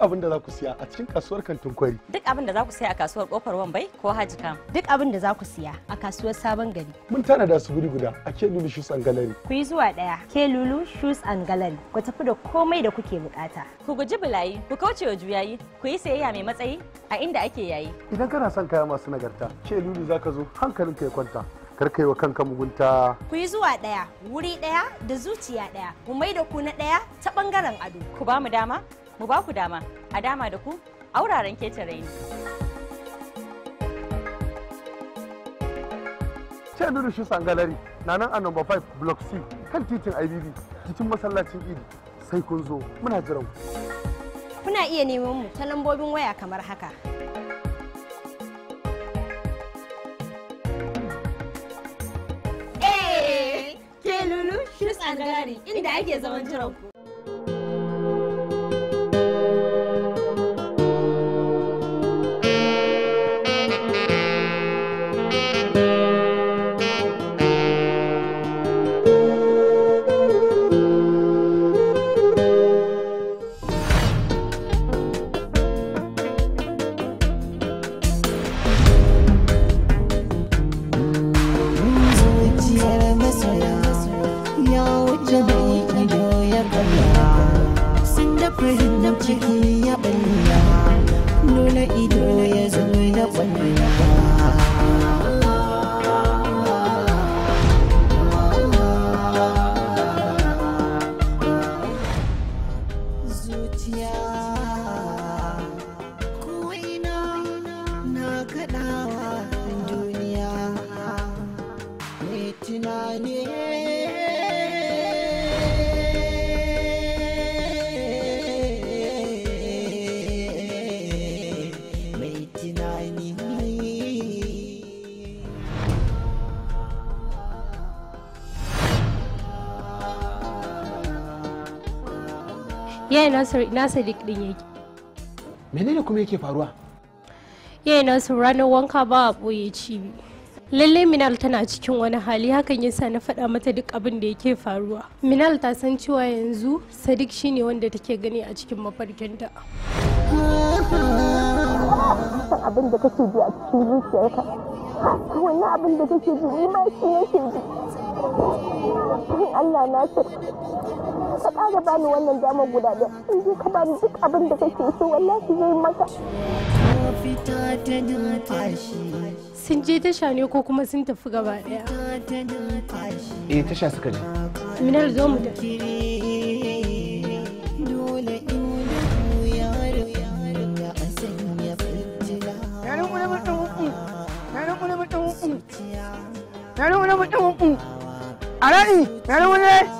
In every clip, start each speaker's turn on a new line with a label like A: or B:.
A: abin da za ku siya a cikin kasuwar kantin kwari.
B: Duk abin da za ku siya a kasuwar kofar wambai ko haji kam. Duk abin da za ku siya a kasuwar sabon gari.
A: Mun tanada su guri guda a ke lulu shoes and gallery.
B: Ku yi zuwa daya ke lulu shoes and gallery ku tafi da komai da kuke bukata. Ku guji bulayi ku kauce wa juyayi ku yi sayayya mai matsayi a inda ake yayi.
A: Idan kana son kaya masu nagarta ke lulu za ka zo hankalinka ya kwanta. karkai wa kanka mugunta.
B: Ku yi zuwa ɗaya, wuri ɗaya da zuciya ɗaya, mu mai da ku na ɗaya ta bangaren ado. Ku ba mu dama mu ba ku dama a dama da ku a wuraren ketare ne.
A: Ce shi Shusan na nan a number 5 Block C kan titin IBB jikin masallacin Idi sai kun zo muna jiran ku.
B: Kuna iya neman mu ta lambobin waya kamar haka. Eh, Lulu, shi and Gallery, inda ake zaman jiran ku. yayi Nasiru ina Sadiq din yake
A: menene kuma yake faruwa
B: yayi Nasiru ranar wanka ba a boye ci lallai minal tana cikin wani hali hakan yasa na faɗa mata duk abin da yake faruwa minal ta san cewa yanzu sadiq shine wanda take gani a cikin mafarkinta abin da kake ji a cikin zuciyarka wannan abin da kake ji ni ma shi yake ji Allah na ka ƙara bani wannan damar guda ɗaya in je ka bani duk abin da kake so wallahi zai maka sun je tasha ne ko kuma sun tafi gaba ɗaya
C: eh tasha suka je minar zo mu
B: tafi
D: Yaron wani mutum uku, a raɗi, yaron wani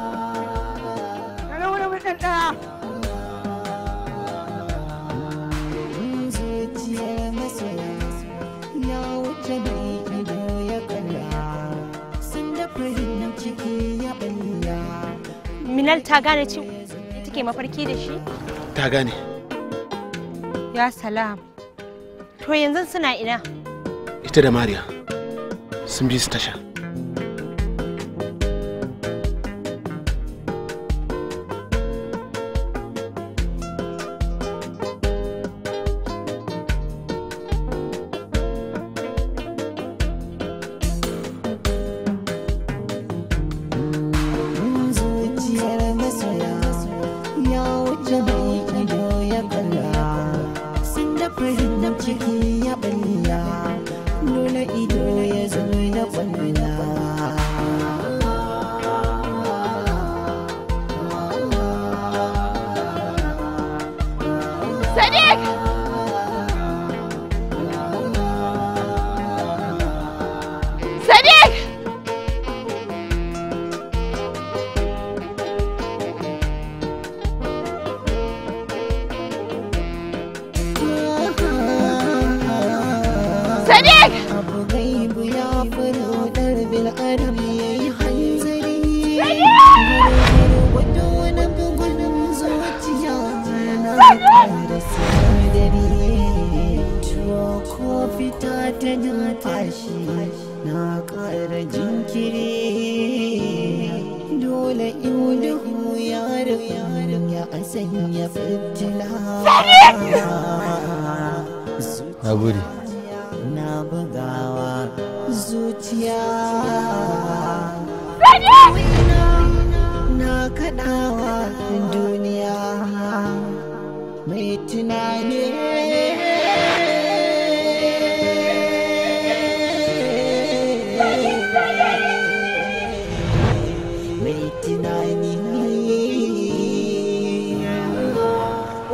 D: wannan
B: minal ta gane ci take mafarki da shi ta gane ya salam to yanzu suna ina
A: ita da mariya sun bi su tasha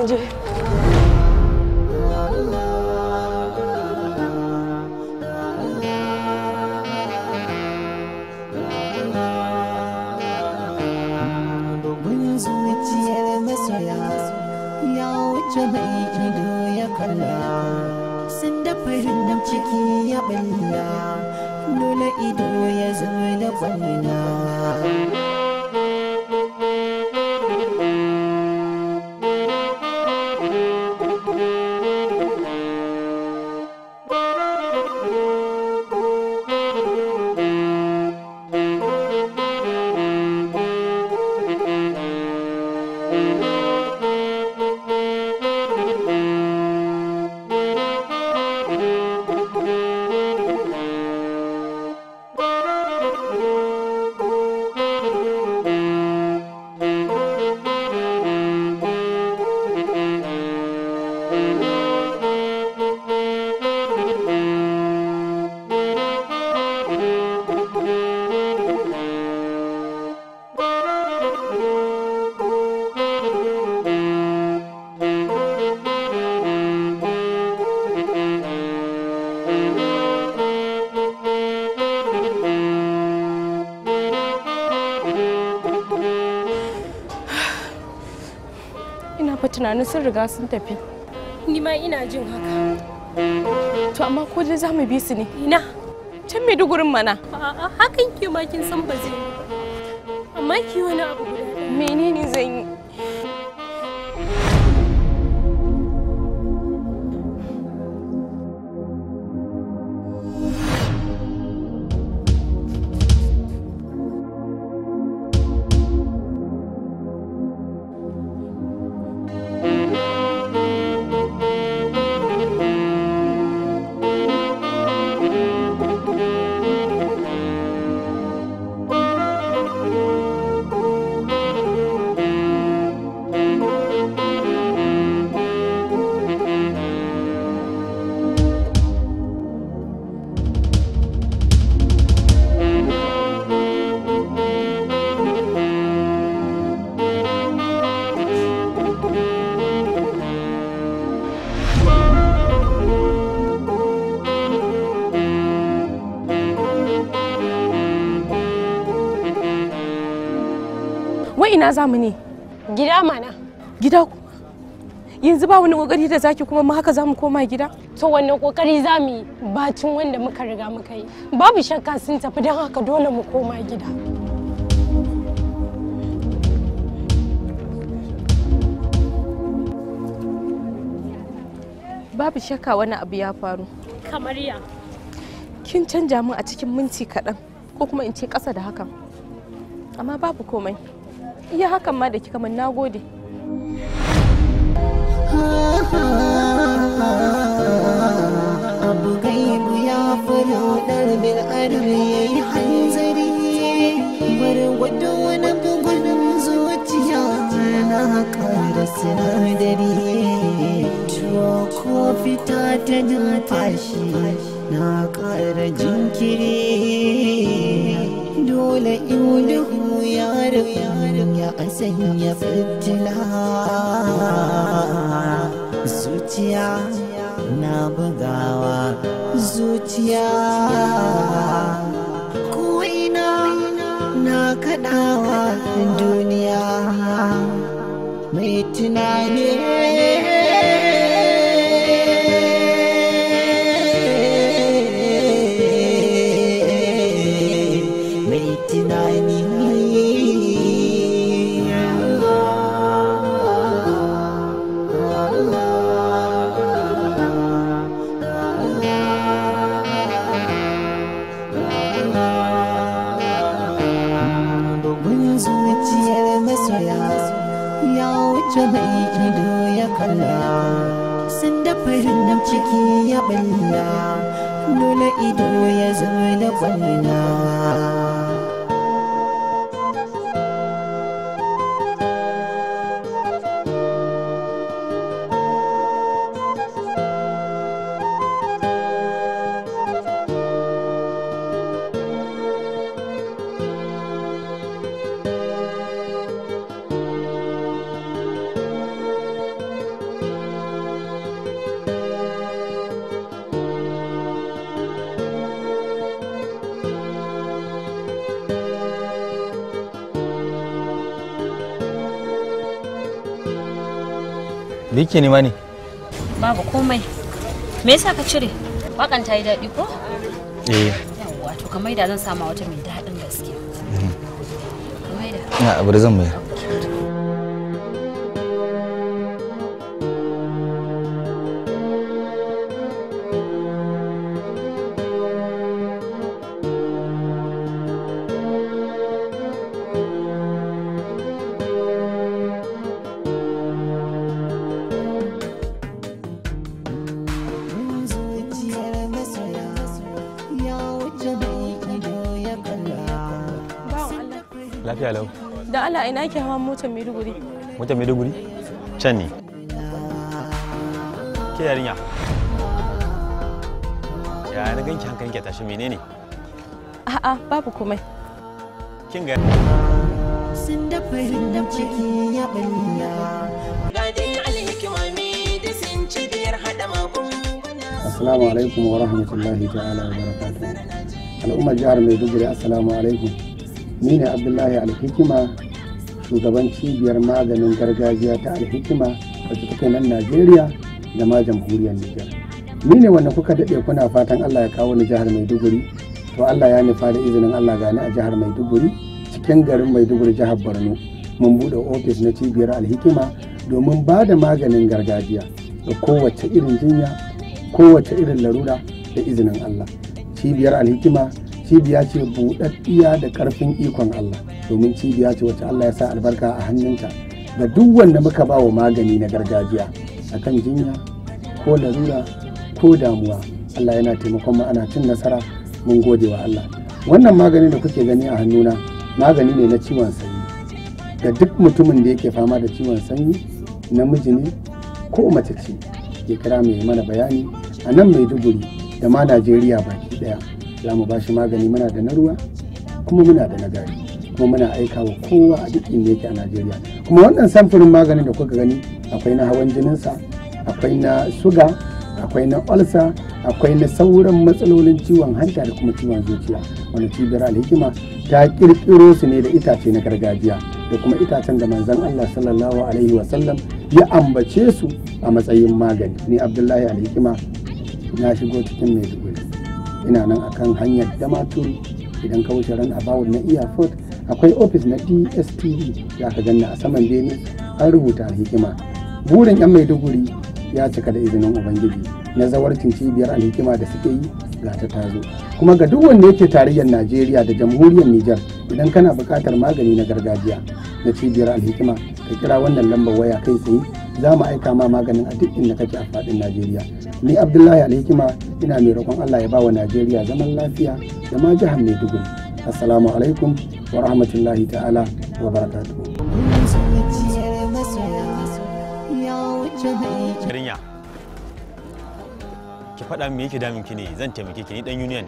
D: 먼저
B: tunanin sun riga sun tafi ni ma ina jin haka to amma ko dai za mu bi su ne ina can dugurin mana a'a hakan ke ma kin san ba zai amma ki wani abu guda menene ina za mu ne gida mana gida kuma yanzu ba wani kokari da zaki kuma mu haka za mu koma gida to wanne kokari za mu yi bacin wanda muka riga muka yi babu shakka sun tafi don haka dole mu koma gida babu shakka wani abu ya faru kamar ya kin canja min a cikin minti kaɗan ko kuma in ce ƙasa da hakan amma babu komai iya hakan ma da kika min nagode
E: abu gaibu ya furo ɗarbin arbi ya yi bar gwargwado wani bugun zuciya na ƙara sinadari tuwo ko fita ta na tashi na ƙara jinkiri dole iluhu yaro yaro ya sanya fitila zuciya na bugawa zuciya
D: ko'ina
E: na kaɗawa duniya mai tunani
F: me ni nema ne
B: babu komai me yasa ka cire wakan ta yi daɗi ko eh yawa to kamar da zan sama wata mai daɗin gaske
F: mm-hmm. kamar da na abu da zan mai
B: ina ke hawan motar maiduguri
F: motar maiduguri can ne ke yarinya ya na ganki hankalin ke tashi menene
B: a'a babu komai kin ga sun da fayin da ciki ya balla
E: gadin alhikima me da sun ci biyar hada magunguna
C: assalamu alaikum wa rahmatullahi ta'ala wa barakatuh al'ummar jihar maiduguri assalamu alaikum ni ne abdullahi alhikima shugaban cibiyar maganin gargajiya ta alhikima a take nan najeriya da ma jamhuriyar nijar ni ne wanda kuka daɗe kuna fatan allah ya kawo ni jihar maiduguri to allah ya nufa da izinin allah gani a jihar maiduguri cikin garin maiduguri jihar borno mun buɗe ofis na cibiyar alhikima domin ba da maganin gargajiya da kowace irin jinya kowace irin larura da izinin allah cibiyar alhikima cibiya ce buɗaɗɗiya da ƙarfin ikon Allah domin cibiya ce wacce Allah ya sa albarka a hannunta ga duk wanda muka ba wa magani na gargajiya a kan jinya ko larura ko damuwa Allah yana taimakon mu ana cin nasara mun gode wa Allah wannan maganin da kuke gani a hannuna magani ne na ciwon sanyi ga duk mutumin da yake fama da ciwon sanyi namiji ne ko mace ce ke kira mai mana bayani a nan mai maiduguri da ma najeriya baki ɗaya. za mu ba shi magani muna da na ruwa kuma muna da na gari kuma muna aika wa kowa a duk inda yake a najeriya kuma wannan samfurin maganin da kuka gani akwai na hawan jininsa akwai na suga akwai na olsa akwai na sauran matsalolin ciwon hanta da kuma ciwon zuciya wani cibiyar alhikima ta kirkiro su ne da itace na gargajiya da kuma itacen da manzon Allah sallallahu alaihi wasallam ya ambace su a matsayin magani ni abdullahi alhikima na shigo cikin mai ina nan akan hanyar damaturu idan ka wuce ran abawu na fort akwai ofis na dstv za ka ganna a saman bene an rubuta alhikima. burin yan maiduguri ya cika da izinin ubangiji na zawarcin cibiyar alhikima da suke yi ga ta tazo kuma ga duk wanda yake tarayyar najeriya da jamhuriyar nijar idan kana buƙatar magani na gargajiya na cibiyar alhikima ka kira wannan lambar waya kai tsaye za mu aika ma maganin a duk inda kake a fadin Najeriya. Ni Abdullahi Alhikima ina mai roƙon Allah ya ba wa Najeriya zaman lafiya da ma jihar Maiduguri. Assalamu alaikum wa rahmatullahi ta'ala wa barakatu.
F: ki faɗa me yake damin ki ne zan taimake ki ni dan union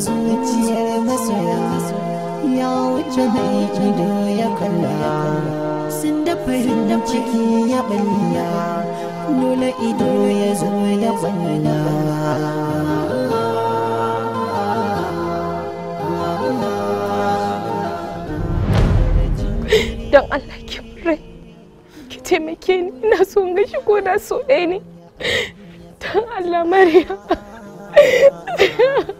E: zuciyar masoya ya wuce mai ido ya kalla sun da farin ciki ya balla dole ido ya zo ya
B: don Allah ki rai ki taimake ni ina so ga shi ko da so ɗaya ne don Allah Maryam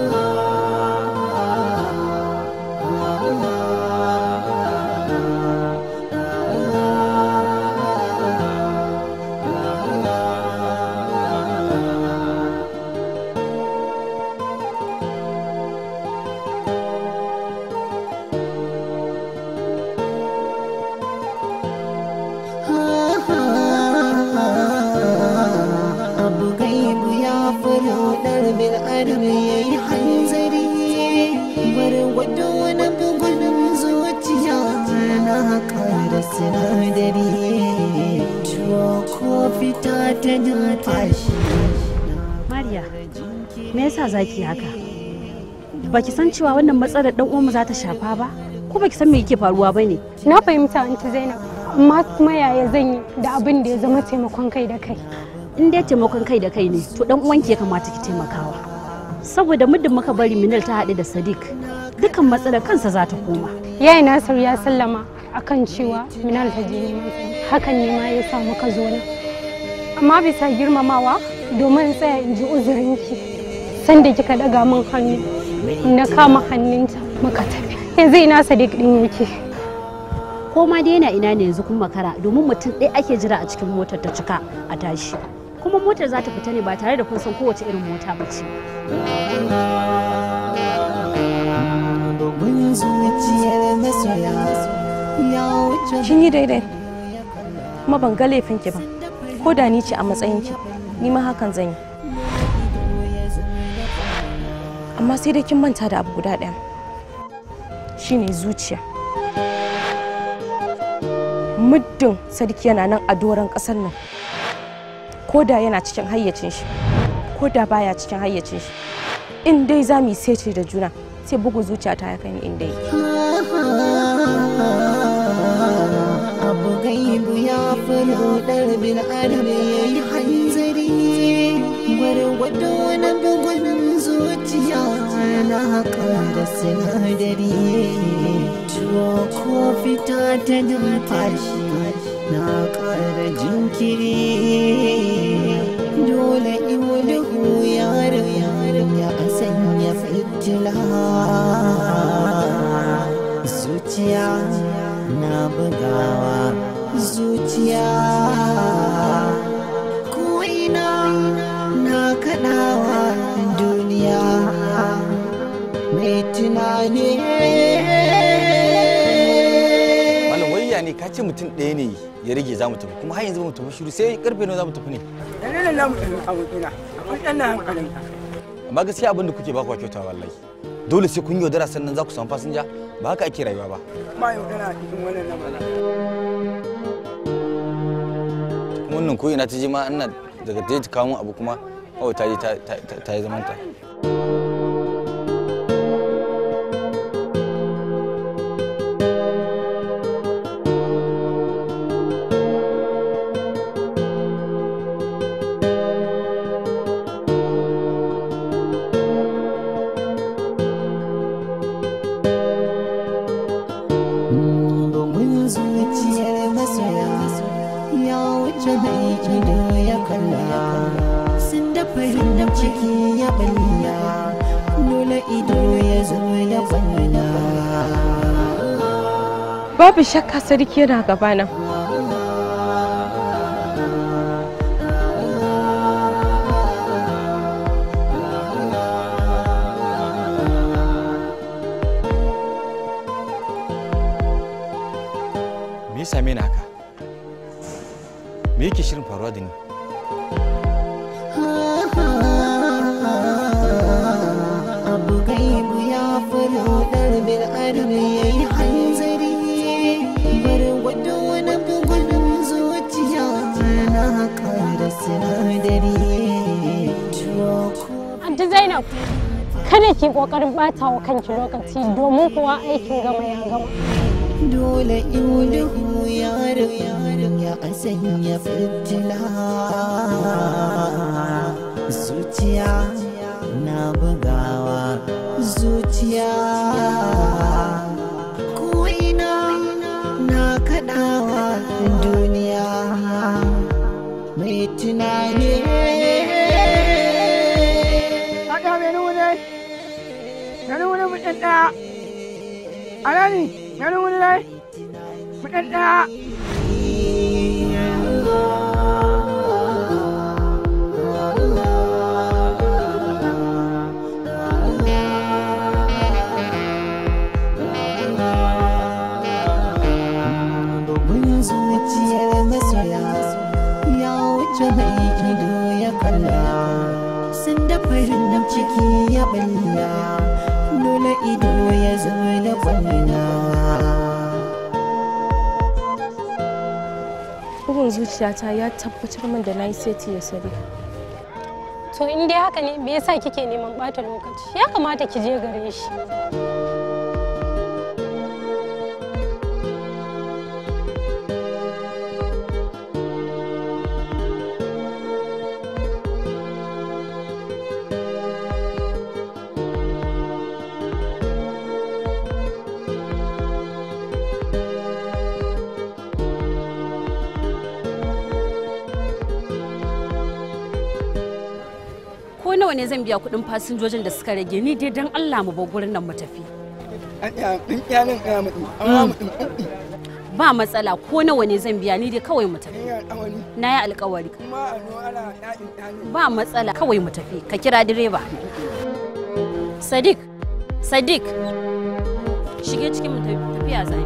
E: mariya
B: me yasa zaki haka baki san cewa wannan matsalar dan uwanmu za ta shafa ba ko baki san me yake faruwa ba ne na fahimta anti zainab amma kuma yaya zan yi da abin da ya zama taimakon kai da kai in dai taimakon kai da kai ne to dan uwanki ya kamata ki taimakawa saboda muddin muka bari minal ta haɗu da sadiq dukan matsalar kansa za ta koma yayi nasiru ya sallama akan cewa minal ta je hakan ne ma ya samu ka zo na amma bisa girmamawa domin tsaya in ji uzurinki sanda kika daga min hannu na kama hannunta muka tafi yanzu ina sadiq din yake ko ma dai yana ina ne yanzu kuma makara domin mutum ɗaya ake jira a cikin motar ta cika a tashi kuma motar za ta fita ne ba tare da kun san kowace irin mota ba ce kin yi daidai kuma ban ga laifinki ba ko da ni ce a matsayinki ni ma hakan zan yi amma sai dai kin manta da abu guda ɗaya shine zuciya muddin sarki yana nan a doron ƙasar nan ko da yana cikin hayyacin shi ko da baya cikin hayyacin shi in dai za mu yi da juna sai bugu zuciya ta ya kai ni in dai
E: fulhudar bil adami ya zuciya ko na kaɗawa duniya mai tunani
F: malam ne ka ce mutum ɗaya ne ya rage za mu tafi kuma har yanzu ba mu tafi shiru sai karfe nawa za mu tafi ne nan za mu tafi abokina akwai ɗan na hankalinka amma gaskiya abin da kuke ba ku kyauta wallahi dole sai kun yaudara sannan za ku samu fasinja ba haka ake rayuwa ba
D: ma yaudara a cikin wannan lamarin
F: wannan ko ina ta je ma ina daga ta je ta abu kuma kawai ta je ta yi zamanta.
B: babu shakka sarki yana nan
F: me same ni haka me yake shirin faruwa da ni
E: abu gaibu ya furo ɗarbin arbi
B: Anti Zainab, kada ki kokarin bata wa kanki lokaci domin kuwa aikin gama ya gama. Dole iluhu yaro
E: yaro ya asan ya fitila. Zuciya na bugawa zuciya. tunani
D: haɗa mai nuna dai na nuna mutan ɗaya a rani na nuna dai ɗaya
E: ciki balla dole ido ya zama da kwalla
B: bugun zuciyata ya tabbatar min da na yi seti ya sare to in dai haka ne me yasa kike neman bata lokaci ya kamata ki je gare shi ne zan biya kudin fasinjojin da suka rage ni dai dan Allah mu bar gurin nan mu tafi ba matsala ko nawa ne zan biya ni dai kawai mu tafi na yi alkawari
D: ba matsala kawai
B: mu tafi ka kira direba sadiq sadiq shige cikin mu tafiya zai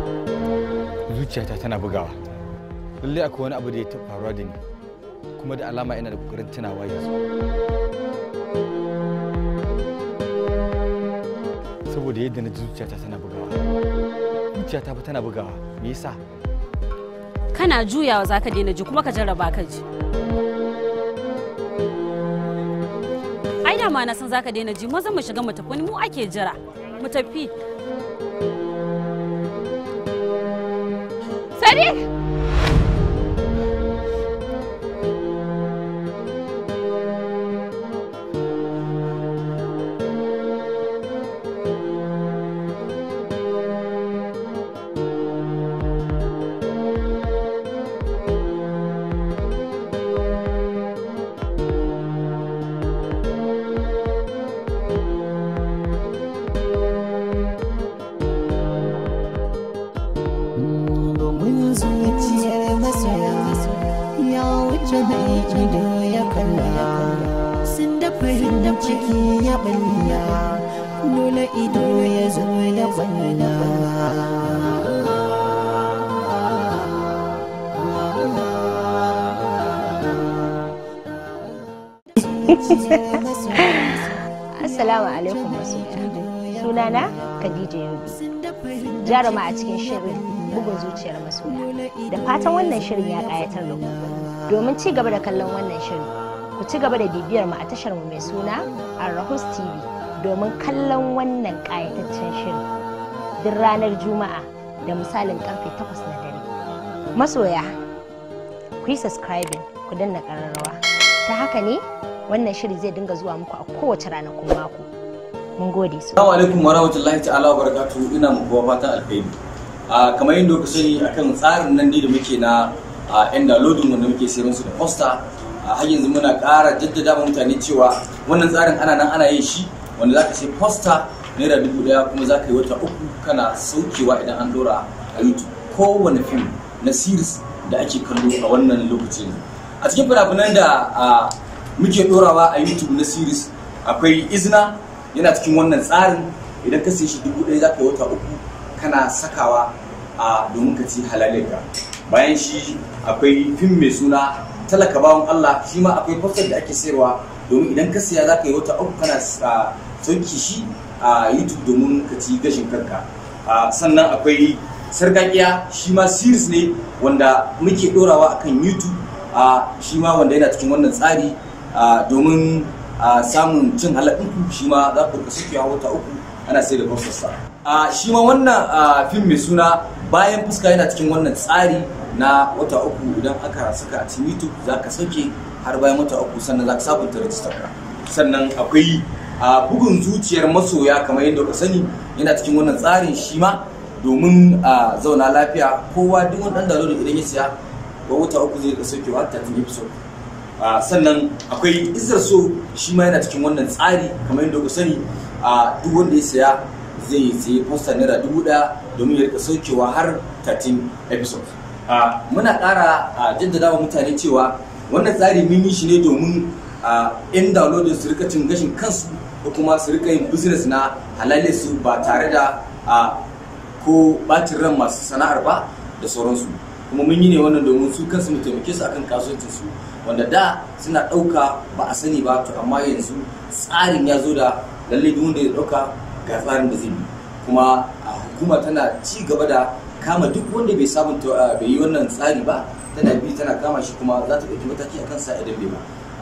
F: zuciyata tana bugawa lallai akwai wani abu da ya faruwa da ni kuma da alama ina da kokarin tunawa yanzu saboda yadda na ji zuciyata tana bugawa zuciyata ba tana bugawa me yasa
B: kana juyawa za ka daina ji kuma ka jarraba ka ji ai da ma na san za ka daina ji maza mu shiga mu tafi mu ake jira mu tafi sadiq
E: ciki ya balla dole ido ya zo da balla
B: Assalamu alaikum wasu sunana Khadija Yobi jaruma a cikin shirin bugun zuciyar masoya da fatan wannan shirin ya kayatar da ku domin ci gaba da kallon wannan shirin ku ci gaba da bibiyar mu a tashar mu mai suna arahus tv domin kallon wannan ƙayataccen shirin duk ranar juma'a da misalin karfe 8 na dare masoya ku yi subscribing ku danna ƙararrawa ta haka ne wannan shiri zai dinga zuwa muku a kowace ranakun mako mun gode su
F: assalamu alaikum warahmatullahi ta'ala wabarakatuh ina muku fatan alheri kamar yadda kuka sani akan tsarin nan ne da muke na yan dalodin wanda muke sayar musu da poster a har yanzu muna ƙara jaddada ma mutane cewa wannan tsarin ana nan ana yin shi wanda za ka ce posta naira dubu ɗaya kuma za ka yi wata uku kana saukewa idan an dora a youtube kowane fim na series da ake kallo a wannan lokacin a cikin fina-finan da muke dorawa a youtube na series akwai izina yana cikin wannan tsarin idan ka sai shi dubu ɗaya za ka yi wata uku kana sakawa a domin ka ci halalinka bayan shi akwai fim mai suna talaka bawan Allah shi ma akwai fafet da ake sayarwa domin idan ka siya za ka yi wata uku kana ah, sauki shi a youtube domin ka ci gashin kanka ah, sannan akwai sarkakiya shi ma series ne wanda muke dorawa akan youtube ah, shi ma wanda yana cikin wannan tsari domin samun cin halaɗinku shi ma za ku kasu suke wata uku ana sai da fafet shi ma wannan fim mai suna bayan fuska yana cikin wannan tsari na wata uku idan aka saka a cikin youtube za ka sake har bayan wata uku sannan za ka sabunta rajistar ka sannan akwai a bugun zuciyar masoya kamar yadda ka sani yana cikin wannan tsarin shi ma domin a zauna lafiya kowa duk wani dan dalo idan ya siya ba wata uku zai sauke wa ta tun episode sannan akwai izar so shi ma yana cikin wannan tsari kamar yadda ka sani a duk wanda ya siya zai sayi posta naira dubu daya domin ya rika saukewa har 13 episode muna ƙara jaddada wa mutane cewa wannan tsari mimi shi ne domin yan downloadin su rika cin gashin kansu ko kuma su rika yin business na halale su ba tare da ko bacin ran masu sana'ar ba da sauransu kuma mun yi ne wannan domin su kansu mu taimake su akan kasuwancin su wanda da suna ɗauka ba a sani ba to amma yanzu tsarin ya zo da lallai, duk wanda ya ɗauka ga tsarin da zai bi kuma hukuma tana ci gaba da kama duk wanda bai sabunta ah, bai yi wannan tsari ba tana bi tana kama shi kuma za ta ɗauki mataki akan sa idan bai ba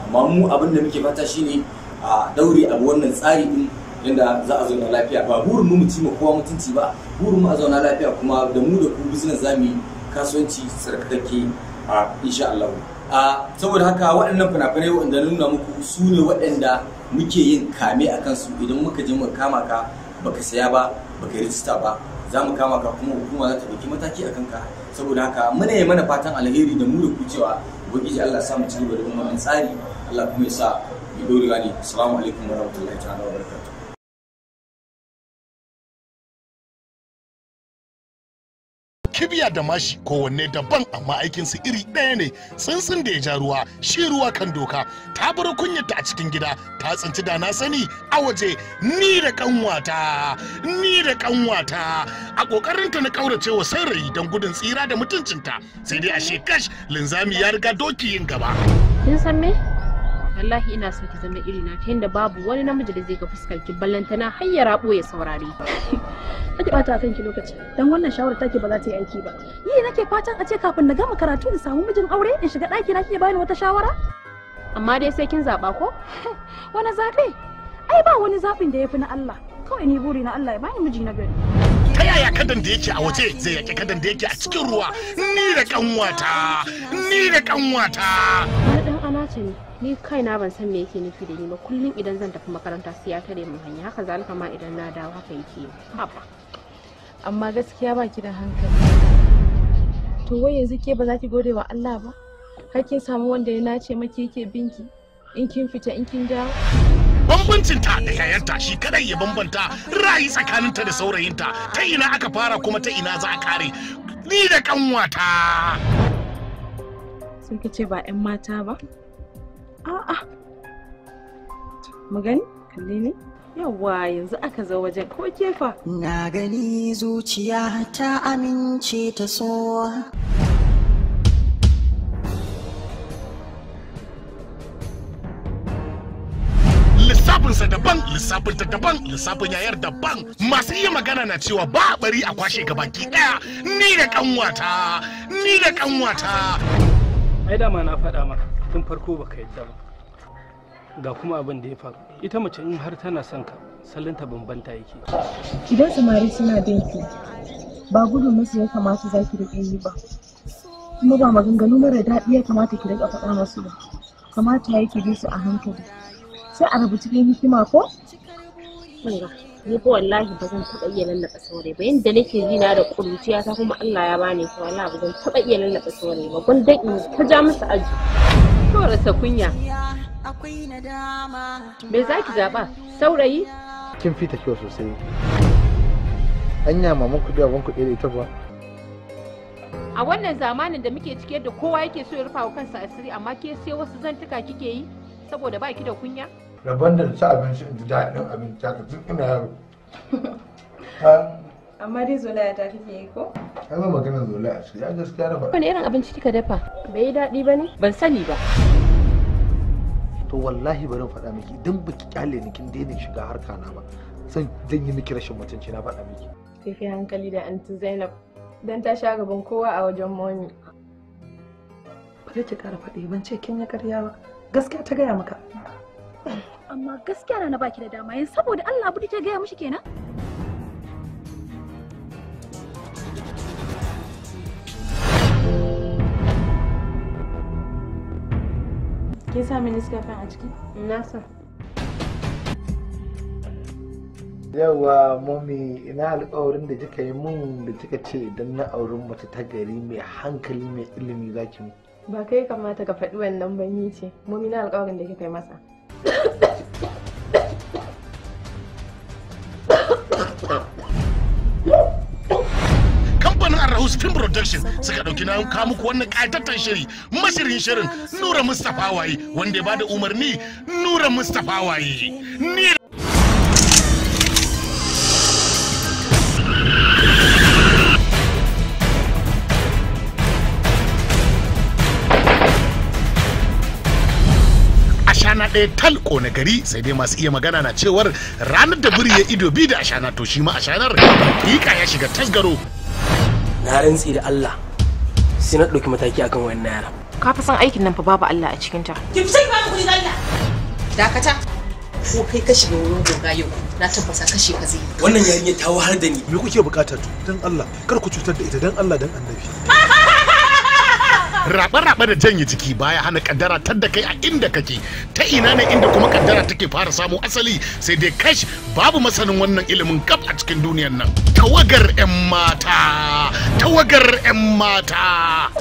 F: amma mu abin da muke fata shine a daure a wannan tsari din yanda za a zauna lafiya ba burin mu mutum kowa mutunci ba burin mu a zauna lafiya kuma da mu da ku business za mu yi kasuwanci sarkakakke a ah, insha Allah a ah, saboda haka waɗannan fina-finai waɗanda nuna muku su ne waɗanda muke yin kame a kansu idan muka je mu kama ka baka saya ba baka yi rijista ba za mu kama ka kuma hukuma za ta ɗauki mataki a kanka saboda haka muna yi mana fatan
D: alheri da mu da ku cewa ubangiji Allah ya sa mu ci gaba da wannan tsari Allah kuma ya sa mu dorewa ne assalamu alaikum warahmatullahi ta'ala wabarakatuh
A: tarbiya da mashi kowanne daban amma aikinsu iri ɗaya ne tsuntsun da ya ja ruwa shi ruwa kan doka ta bar kunyata a cikin gida ta tsinci da na sani a waje ni da kanwata ni da kanwata a ƙoƙarinta na ƙaurace wa saurayi don gudun tsira da mutuncinta sai dai a shekash linzami ya riga doki yin gaba
B: kin san me wallahi ina so ki zama irina ta yadda babu wani namiji da zai ga fuskar ki ballantana har ya rabo ya saurare ki kake bata akan ki lokaci dan wannan shawara take ba za ta yi aiki ba yi nake fatan a ce kafin na gama karatu in samu mijin aure in shiga daki na ke bani wata shawara amma dai sai kin zaba ko wani zabe ai ba wani zabin da yafi na Allah kawai ni buri na Allah ya bani miji na gari
A: ta yaya kadan da yake a waje zai yaki kadan da yake a cikin ruwa ni da kanwata ni da kanwata
B: ɓaci ne ni kaina ban san me yake nufi da ni ba kullum idan zan tafi makaranta sai ya tare min hanya haka zalika ma idan na dawo haka yake haba amma gaskiya ba ki da hankali to wai yanzu ke ba za ki gode wa Allah ba har kin samu wanda ya nace maki yake binki in kin fita in kin dawo
A: bambancinta da yayarta shi kadai ya bambanta rayi tsakaninta da saurayinta ta ina aka fara kuma ta ina za a kare ni da kanwata
B: sun ce ba 'yan mata ba a'a mu gani kalle ne yawa yanzu aka zo wajen ko kefa na gani zuciya ta amince ta so
A: lissafinsa daban lissafinta daban lissafin yayar daban masu iya magana na cewa ba bari a kwashe gabaki daya ni da kanwata ni da kanwata ai dama na faɗa ma tun farko baka yadda ba ga kuma
C: abin da ya faru ita mace in har tana son ka ta bambanta yake
B: idan samari suna bin ba gudu musu ya kamata za ki riƙe yi ba kuma ba maganganu mara daɗi ya kamata ki riƙa faɗa masu ba kamata ya ki bi su a hankali sai a rubuci cikin hikima ko? ni ko wallahi ba zan taba iya lallaba saurayi ba yadda nake na da kuruciya ta kuma Allah ya bani ko wallahi ba zan taba iya lallaba saurayi ba kun dai ta ja musu aji to rasa kunya me zaki zaba saurayi
C: kin fita kiwo sosai anya mamu kudi a kuɗi da ita ba
B: a wannan zamanin da muke cike da kowa yake so ya rufa wa kansa asiri amma ke sai wasu zantuka kike yi saboda ba ki da kunya
C: rabon da ci abinci da daɗin abinci haka tun ina yaro
B: amma dai zolaya ta kike yi ko
C: ai ba magana zolaya ce ya gaskiya ne ba. wani
B: irin abinci kika dafa bai yi daɗi ba ne ban sani ba
C: to wallahi bari faɗa miki idan baki kyale ni kin daina shiga harka na ba zan yi miki rashin mutunci na faɗa miki
B: tafi hankali da anti zainab dan ta sha gaban kowa a wajen momi
E: ba ta ki kara faɗi ban ce kin ya karya ba gaskiya ta gaya maka
B: amma gaskiya na na baki da dama yanzu saboda Allah abu ta gaya mishi kenan ke sa mini a ciki? Na sa.
C: Yawa mami ina alƙawarin da kika yi mun da kika ce idan na auren mace ta gari mai hankali mai ilimi zaki mu.
B: Ba kai kamata ka faɗi wannan banyi ce. Mami na alƙawarin da kika yi masa.
A: kamfanin arahus film suka ɗauki na kawo muku wannan ƙayatattan shiri mashirin shirin nura mustapha waye wanda ya bada umarni nura mustapha waye ni ɗaya tal na gari sai dai masu iya magana na cewar ranar da biri ya ido bi da ashana to shi ma ashanar hakika ya shiga tasgaro na rantsi da Allah sai na ɗauki mataki akan
C: wannan yara
B: ka fi san aikin nan fa babu Allah a cikin ta ki fitar ba mu Allah dakata ko kai ka shiga wurin goga yau na tabbata kashe ka zai
C: wannan yarinya ta wahar da ni me
A: kuke bukata to dan Allah kar ku cutar da ita dan Allah dan annabi raba-raba da janye jiki baya hana kaddara tadda kai a inda kake ta ina ne inda kuma kaddara take fara samu asali sai dai kash babu masanin wannan ilimin gab a cikin duniyar nan tawagar 'yan mata tawagar 'yan mata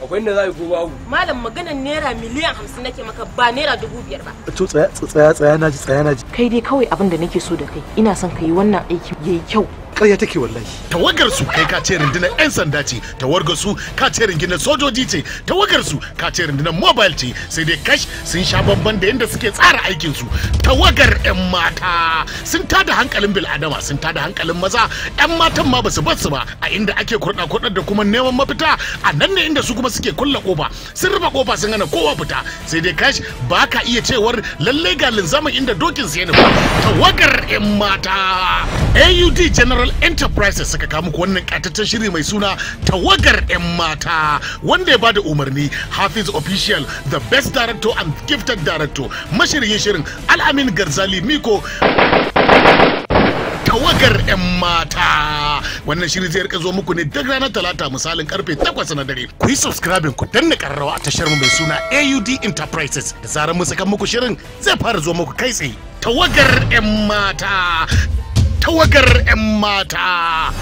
A: akwai inda za a babu.
B: Malam maganar naira miliyan hamsin nake maka ba naira dubu biyar ba. To tsaya tsaya tsaya naji ji tsaya naji Kai dai kawai abin da nake so da kai ina son ka yi wannan aiki yayi kyau ƙarya
A: take wallahi tawagar su kai ka ce rundunar yan sanda ce tawagar su ka ce rundunar sojoji ce tawagar su ka ce rundunar mobile ce sai dai kash sun sha bamban da yadda suke tsara aikin su tawagar yan mata sun tada hankalin bil adama sun tada hankalin maza yan matan ma basu bar su ba a inda ake kurɗa kurɗa da kuma neman mafita a nan ne inda su kuma suke kulla kofa sun rufe kofa sun hana kowa fita sai dai kash ba ka iya cewar lallai ga linzamin inda dokin su ya ba tawagar yan mata AUD General Global Enterprises suka kawo muku wannan katattun shiri mai suna tawagar 'yan mata wanda ya bada umarni Hafiz Official the best director and gifted director mashiryin shirin Al'amin Garzali Miko tawagar 'yan mata wannan shiri zai rika zo muku ne duk ranar talata misalin karfe 8 na dare ku yi subscribing ku danna karrawa a tashar mu mai suna AUD Enterprises da zarar mun saka muku shirin zai fara zo muku kai tsaye tawagar 'yan mata tawagar 'yan mata